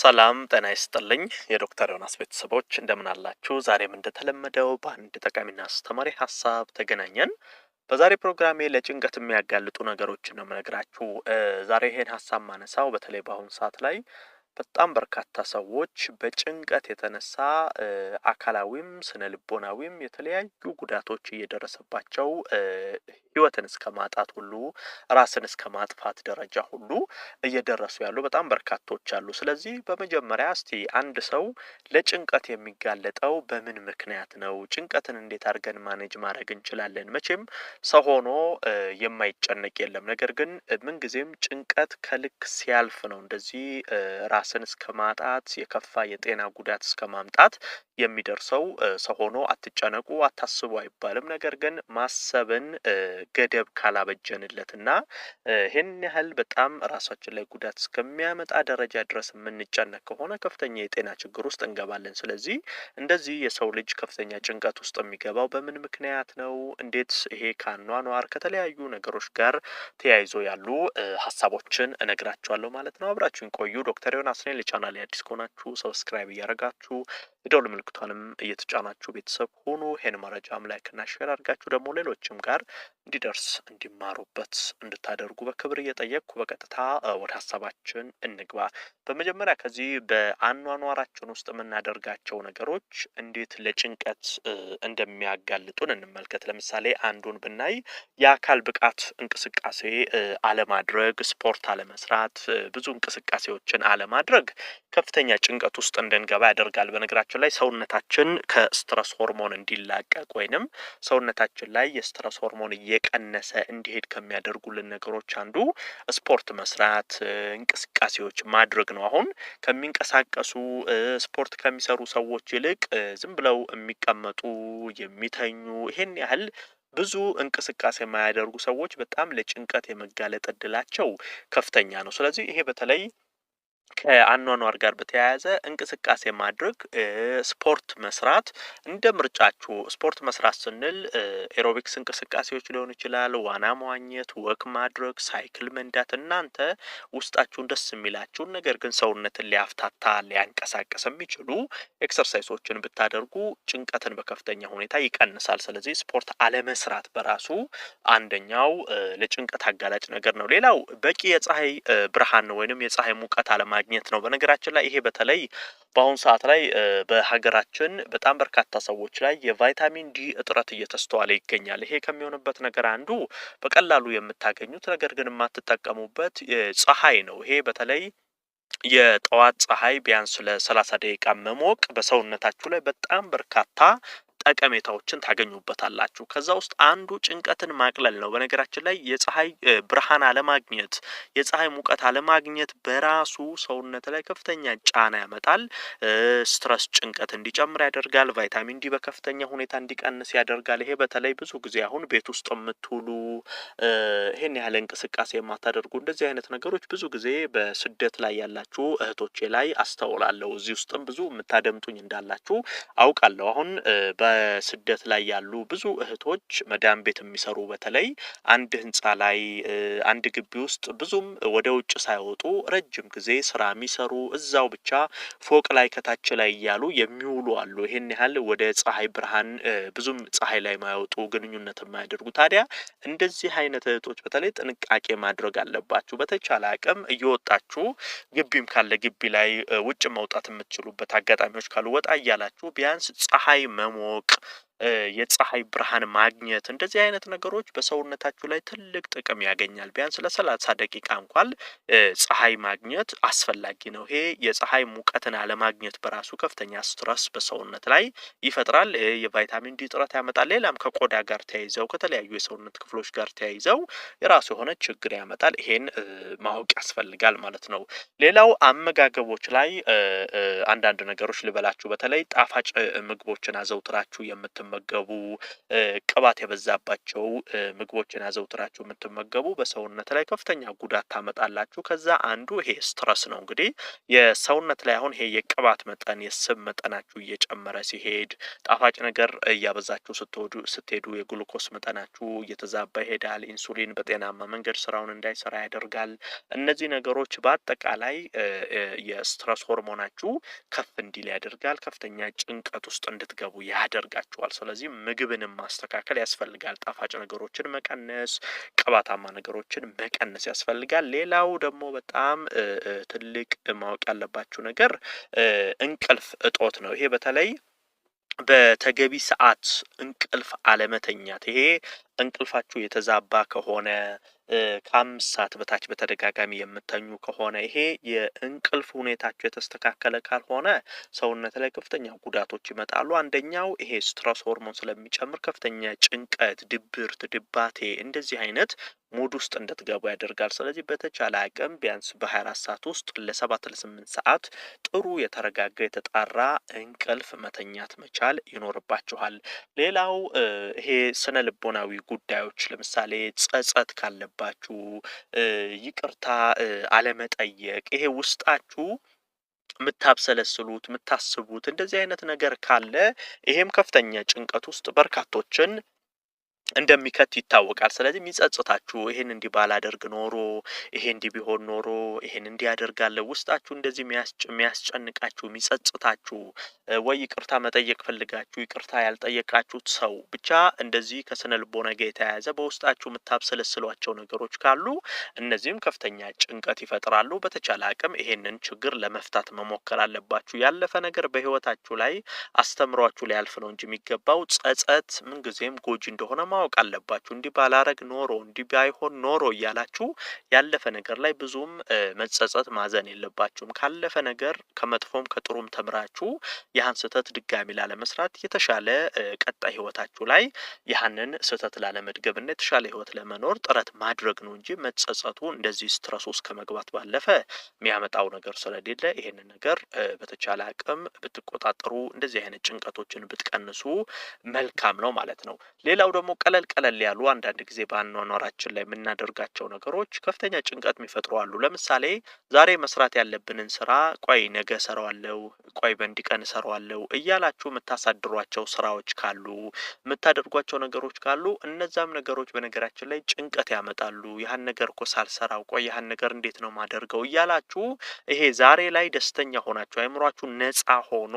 ሰላም ጤና ይስጥልኝ የዶክተር ዮናስ ቤተሰቦች እንደምን አላችሁ? ዛሬም እንደተለመደው በአንድ ጠቃሚና አስተማሪ ሀሳብ ተገናኘን። በዛሬ ፕሮግራሜ ለጭንቀት የሚያጋልጡ ነገሮችን ነው የምነግራችሁ። ዛሬ ይሄን ሀሳብ ማነሳው በተለይ በአሁኑ ሰዓት ላይ በጣም በርካታ ሰዎች በጭንቀት የተነሳ አካላዊም ስነ ልቦናዊም የተለያዩ ጉዳቶች እየደረሰባቸው ህይወትን እስከ ማጣት ሁሉ ራስን እስከ ማጥፋት ደረጃ ሁሉ እየደረሱ ያሉ በጣም በርካቶች አሉ። ስለዚህ በመጀመሪያ እስቲ አንድ ሰው ለጭንቀት የሚጋለጠው በምን ምክንያት ነው? ጭንቀትን እንዴት አድርገን ማኔጅ ማድረግ እንችላለን? መቼም ሰው ሆኖ የማይጨነቅ የለም። ነገር ግን ምንጊዜም ጭንቀት ከልክ ሲያልፍ ነው እንደዚህ ራስ ራስን እስከ ማጣት የከፋ የጤና ጉዳት እስከ ማምጣት የሚደርሰው ሰው ሆኖ አትጨነቁ፣ አታስቡ አይባልም። ነገር ግን ማሰብን ገደብ ካላበጀንለትና ይህን ያህል በጣም ራሳችን ላይ ጉዳት እስከሚያመጣ ደረጃ ድረስ የምንጨነቅ ከሆነ ከፍተኛ የጤና ችግር ውስጥ እንገባለን። ስለዚህ እንደዚህ የሰው ልጅ ከፍተኛ ጭንቀት ውስጥ የሚገባው በምን ምክንያት ነው? እንዴት? ይሄ ከአኗኗር ከተለያዩ ነገሮች ጋር ተያይዞ ያሉ ሀሳቦችን እነግራችኋለሁ ማለት ነው። አብራችሁን ቆዩ። ዶክተር ዮናስ ነኝ። ለቻናል አዲስ ከሆናችሁ ሰብስክራይብ እያደረጋችሁ የደወል ምልክቷንም እየተጫናችሁ ቤተሰብ ሆኖ ይህን መረጃም ላይክና ሼር አድርጋችሁ ደግሞ ሌሎችም ጋር እንዲደርስ እንዲማሩበት እንድታደርጉ በክብር እየጠየቅኩ በቀጥታ ወደ ሀሳባችን እንግባ። በመጀመሪያ ከዚህ በአኗኗራችን ውስጥ የምናደርጋቸው ነገሮች እንዴት ለጭንቀት እንደሚያጋልጡን እንመልከት። ለምሳሌ አንዱን ብናይ የአካል ብቃት እንቅስቃሴ አለማድረግ፣ ስፖርት አለመስራት፣ ብዙ እንቅስቃሴዎችን አለማድረግ ከፍተኛ ጭንቀት ውስጥ እንድንገባ ያደርጋል። በነገራችን በነገራችን ላይ ሰውነታችን ከስትረስ ሆርሞን እንዲላቀቅ ወይንም ሰውነታችን ላይ የስትረስ ሆርሞን እየቀነሰ እንዲሄድ ከሚያደርጉልን ነገሮች አንዱ ስፖርት መስራት፣ እንቅስቃሴዎች ማድረግ ነው። አሁን ከሚንቀሳቀሱ ስፖርት ከሚሰሩ ሰዎች ይልቅ ዝም ብለው የሚቀመጡ የሚተኙ ይሄን ያህል ብዙ እንቅስቃሴ የማያደርጉ ሰዎች በጣም ለጭንቀት የመጋለጥ እድላቸው ከፍተኛ ነው። ስለዚህ ይሄ በተለይ ከአኗኗር ጋር በተያያዘ እንቅስቃሴ ማድረግ፣ ስፖርት መስራት እንደ ምርጫችሁ። ስፖርት መስራት ስንል ኤሮቢክስ እንቅስቃሴዎች ሊሆን ይችላል፣ ዋና መዋኘት፣ ወክ ማድረግ፣ ሳይክል መንዳት። እናንተ ውስጣችሁን ደስ የሚላችሁን ነገር ግን ሰውነትን ሊያፍታታ ሊያንቀሳቀስ የሚችሉ ኤክሰርሳይሶችን ብታደርጉ ጭንቀትን በከፍተኛ ሁኔታ ይቀንሳል። ስለዚህ ስፖርት አለመስራት በራሱ አንደኛው ለጭንቀት አጋላጭ ነገር ነው። ሌላው በቂ የፀሐይ ብርሃን ወይንም የፀሐይ ሙቀት አለማ ማግኘት ነው። በነገራችን ላይ ይሄ በተለይ በአሁኑ ሰዓት ላይ በሀገራችን በጣም በርካታ ሰዎች ላይ የቫይታሚን ዲ እጥረት እየተስተዋለ ይገኛል። ይሄ ከሚሆንበት ነገር አንዱ በቀላሉ የምታገኙት ነገር ግን የማትጠቀሙበት ፀሐይ ነው። ይሄ በተለይ የጠዋት ፀሐይ ቢያንስ ለሰላሳ ደቂቃ መሞቅ በሰውነታችሁ ላይ በጣም በርካታ ጠቀሜታዎችን ታገኙበታላችሁ። ከዛ ውስጥ አንዱ ጭንቀትን ማቅለል ነው። በነገራችን ላይ የፀሐይ ብርሃን አለማግኘት፣ የፀሐይ ሙቀት አለማግኘት በራሱ ሰውነት ላይ ከፍተኛ ጫና ያመጣል። ስትረስ፣ ጭንቀት እንዲጨምር ያደርጋል። ቫይታሚን ዲ በከፍተኛ ሁኔታ እንዲቀንስ ያደርጋል። ይሄ በተለይ ብዙ ጊዜ አሁን ቤት ውስጥ የምትውሉ ይህን ያህል እንቅስቃሴ የማታደርጉ እንደዚህ አይነት ነገሮች ብዙ ጊዜ በስደት ላይ ያላችሁ እህቶቼ ላይ አስተውላለሁ። እዚህ ውስጥም ብዙ የምታደምጡኝ እንዳላችሁ አውቃለሁ። አሁን በ በስደት ላይ ያሉ ብዙ እህቶች መዳን ቤት የሚሰሩ በተለይ አንድ ህንፃ ላይ አንድ ግቢ ውስጥ ብዙም ወደ ውጭ ሳይወጡ ረጅም ጊዜ ስራ የሚሰሩ እዛው ብቻ ፎቅ ላይ ከታች ላይ እያሉ የሚውሉ አሉ። ይሄን ያህል ወደ ፀሐይ ብርሃን ብዙም ፀሐይ ላይ ማይወጡ ግንኙነት የማያደርጉ ታዲያ እንደዚህ አይነት እህቶች በተለይ ጥንቃቄ ማድረግ አለባችሁ። በተቻለ አቅም እየወጣችሁ ግቢም ካለ ግቢ ላይ ውጭ መውጣት የምትችሉበት አጋጣሚዎች ካሉ ወጣ እያላችሁ ቢያንስ ፀሐይ መሞቅ donc የፀሐይ ብርሃን ማግኘት እንደዚህ አይነት ነገሮች በሰውነታችሁ ላይ ትልቅ ጥቅም ያገኛል። ቢያንስ ለሰላሳ ደቂቃ እንኳን ፀሐይ ማግኘት አስፈላጊ ነው። ይሄ የፀሐይ ሙቀትን አለማግኘት በራሱ ከፍተኛ ስትረስ በሰውነት ላይ ይፈጥራል። የቫይታሚን ዲ ጥረት ያመጣል። ሌላም ከቆዳ ጋር ተያይዘው ከተለያዩ የሰውነት ክፍሎች ጋር ተያይዘው የራሱ የሆነ ችግር ያመጣል። ይሄን ማወቅ ያስፈልጋል ማለት ነው። ሌላው አመጋገቦች ላይ አንዳንድ ነገሮች ልበላችሁ፣ በተለይ ጣፋጭ ምግቦችን አዘውትራችሁ የምትመ የምትመገቡ ቅባት የበዛባቸው ምግቦችን አዘውትራችሁ የምትመገቡ በሰውነት ላይ ከፍተኛ ጉዳት ታመጣላችሁ። ከዛ አንዱ ይሄ ስትረስ ነው። እንግዲህ የሰውነት ላይ አሁን ይሄ የቅባት መጠን የስብ መጠናችሁ እየጨመረ ሲሄድ፣ ጣፋጭ ነገር እያበዛችሁ ስትሄዱ የግሉኮስ መጠናችሁ እየተዛባ ይሄዳል። ኢንሱሊን በጤናማ መንገድ ስራውን እንዳይሰራ ያደርጋል። እነዚህ ነገሮች በአጠቃላይ የስትረስ ሆርሞናችሁ ከፍ እንዲል ያደርጋል። ከፍተኛ ጭንቀት ውስጥ እንድትገቡ ያደርጋችኋል። ስለዚህ ምግብንም ማስተካከል ያስፈልጋል። ጣፋጭ ነገሮችን መቀነስ፣ ቅባታማ ነገሮችን መቀነስ ያስፈልጋል። ሌላው ደግሞ በጣም ትልቅ ማወቅ ያለባችሁ ነገር እንቅልፍ እጦት ነው። ይሄ በተለይ በተገቢ ሰዓት እንቅልፍ አለመተኛት ይሄ እንቅልፋችሁ የተዛባ ከሆነ ከአምስት ሰዓት በታች በተደጋጋሚ የምተኙ ከሆነ ይሄ የእንቅልፍ ሁኔታቸው የተስተካከለ ካልሆነ ሰውነት ላይ ከፍተኛ ጉዳቶች ይመጣሉ። አንደኛው ይሄ ስትረስ ሆርሞን ስለሚጨምር ከፍተኛ ጭንቀት፣ ድብርት፣ ድባቴ እንደዚህ አይነት ሙድ ውስጥ እንድትገቡ ያደርጋል። ስለዚህ በተቻለ አቅም ቢያንስ በ24 ሰዓት ውስጥ ለሰባት ለስምንት ሰዓት ጥሩ የተረጋጋ የተጣራ እንቅልፍ መተኛት መቻል ይኖርባችኋል። ሌላው ይሄ ስነ ልቦናዊ ጉዳዮች ለምሳሌ ጸጸት ካለባችሁ፣ ይቅርታ አለመጠየቅ ይሄ ውስጣችሁ የምታብሰለስሉት የምታስቡት እንደዚህ አይነት ነገር ካለ ይሄም ከፍተኛ ጭንቀት ውስጥ በርካቶችን እንደሚከት ይታወቃል። ስለዚህ የሚጸጽታችሁ ይሄን እንዲህ ባላደርግ ኖሮ ይሄ እንዲህ ቢሆን ኖሮ ይሄን እንዲህ ያደርጋለሁ ውስጣችሁ እንደዚህ የሚያስጨንቃችሁ የሚጸጽታችሁ፣ ወይ ይቅርታ መጠየቅ ፈልጋችሁ ይቅርታ ያልጠየቃችሁት ሰው ብቻ እንደዚህ ከስነ ልቦና ጋር የተያያዘ በውስጣችሁ የምታብሰለስሏቸው ነገሮች ካሉ እነዚህም ከፍተኛ ጭንቀት ይፈጥራሉ። በተቻለ አቅም ይሄንን ችግር ለመፍታት መሞከር አለባችሁ። ያለፈ ነገር በህይወታችሁ ላይ አስተምሯችሁ ሊያልፍ ነው እንጂ የሚገባው ጸጸት ምንጊዜም ጎጂ እንደሆነ ማ ማወቅ አለባችሁ። እንዲህ ባላረግ ኖሮ እንዲህ ባይሆን ኖሮ እያላችሁ ያለፈ ነገር ላይ ብዙም መጸጸት ማዘን የለባችሁም። ካለፈ ነገር ከመጥፎም ከጥሩም ተምራችሁ ያህን ስህተት ድጋሚ ላለመስራት የተሻለ ቀጣይ ህይወታችሁ ላይ ያህንን ስህተት ላለመድገብና የተሻለ ህይወት ለመኖር ጥረት ማድረግ ነው እንጂ መጸጸቱ እንደዚህ ስትረስ ውስጥ ከመግባት ባለፈ የሚያመጣው ነገር ስለሌለ ይሄንን ነገር በተቻለ አቅም ብትቆጣጠሩ እንደዚህ አይነት ጭንቀቶችን ብትቀንሱ መልካም ነው ማለት ነው። ሌላው ደግሞ ቀለል ቀለል ያሉ አንዳንድ ጊዜ በአኗኗራችን ላይ የምናደርጋቸው ነገሮች ከፍተኛ ጭንቀት የሚፈጥሩ አሉ። ለምሳሌ ዛሬ መስራት ያለብንን ስራ ቆይ ነገ እሰራዋለሁ፣ ቆይ በእንዲህ ቀን እሰራዋለሁ እያላችሁ የምታሳድሯቸው ስራዎች ካሉ፣ የምታደርጓቸው ነገሮች ካሉ እነዛም ነገሮች በነገራችን ላይ ጭንቀት ያመጣሉ። ያህን ነገር እኮ ሳልሰራው ቆይ ያህን ነገር እንዴት ነው ማደርገው እያላችሁ ይሄ ዛሬ ላይ ደስተኛ ሆናችሁ አይምሯችሁ ነጻ ሆኖ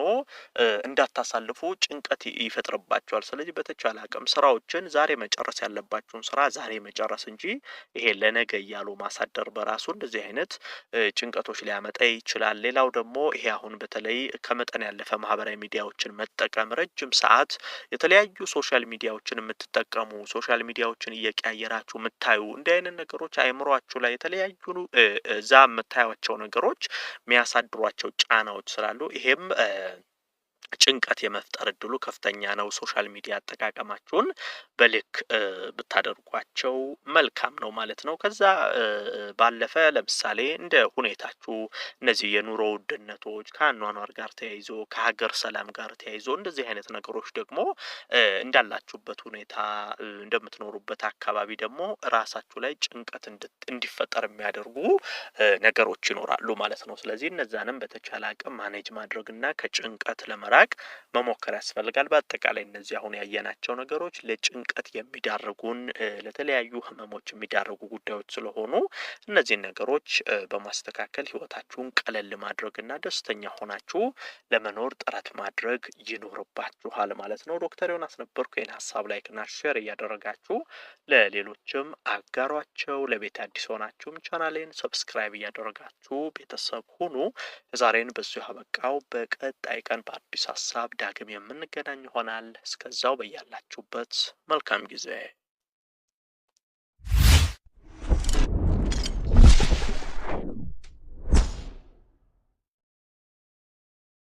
እንዳታሳልፉ ጭንቀት ይፈጥርባቸዋል። ስለዚህ በተቻለ አቅም ስራዎችን ዛሬ መጨረስ ያለባችሁን ስራ ዛሬ መጨረስ እንጂ ይሄ ለነገ እያሉ ማሳደር በራሱ እንደዚህ አይነት ጭንቀቶች ሊያመጣ ይችላል። ሌላው ደግሞ ይሄ አሁን በተለይ ከመጠን ያለፈ ማህበራዊ ሚዲያዎችን መጠቀም፣ ረጅም ሰዓት የተለያዩ ሶሻል ሚዲያዎችን የምትጠቀሙ ሶሻል ሚዲያዎችን እየቀያየራችሁ የምታዩ እንዲህ አይነት ነገሮች አይምሯችሁ ላይ የተለያዩ እዛ የምታያቸው ነገሮች የሚያሳድሯቸው ጫናዎች ስላሉ ይሄም ጭንቀት የመፍጠር እድሉ ከፍተኛ ነው። ሶሻል ሚዲያ አጠቃቀማችሁን በልክ ብታደርጓቸው መልካም ነው ማለት ነው። ከዛ ባለፈ ለምሳሌ እንደ ሁኔታችሁ እነዚህ የኑሮ ውድነቶች ከአኗኗር ጋር ተያይዞ ከሀገር ሰላም ጋር ተያይዞ እንደዚህ አይነት ነገሮች ደግሞ እንዳላችሁበት ሁኔታ እንደምትኖሩበት አካባቢ ደግሞ ራሳችሁ ላይ ጭንቀት እንዲፈጠር የሚያደርጉ ነገሮች ይኖራሉ ማለት ነው። ስለዚህ እነዛንም በተቻለ አቅም ማኔጅ ማድረግና ከጭንቀት ለመራቅ ለመራቅ መሞከር ያስፈልጋል። በአጠቃላይ እነዚህ አሁን ያየናቸው ነገሮች ለጭንቀት የሚዳርጉን ለተለያዩ ህመሞች የሚዳርጉ ጉዳዮች ስለሆኑ እነዚህን ነገሮች በማስተካከል ህይወታችሁን ቀለል ማድረግና ደስተኛ ሆናችሁ ለመኖር ጥረት ማድረግ ይኖርባችኋል ማለት ነው። ዶክተር ዮናስ ነበርኩ። ይህን ሀሳብ ላይክና ሼር እያደረጋችሁ ለሌሎችም አጋሯቸው። ለቤት አዲስ ሆናችሁም ቻናሌን ሰብስክራይብ እያደረጋችሁ ቤተሰብ ሁኑ። ዛሬን በዚሁ አበቃው። በቀጣይ ቀን በአዲስ ሀሳብ ዳግም የምንገናኝ ይሆናል። እስከዛው በያላችሁበት መልካም ጊዜ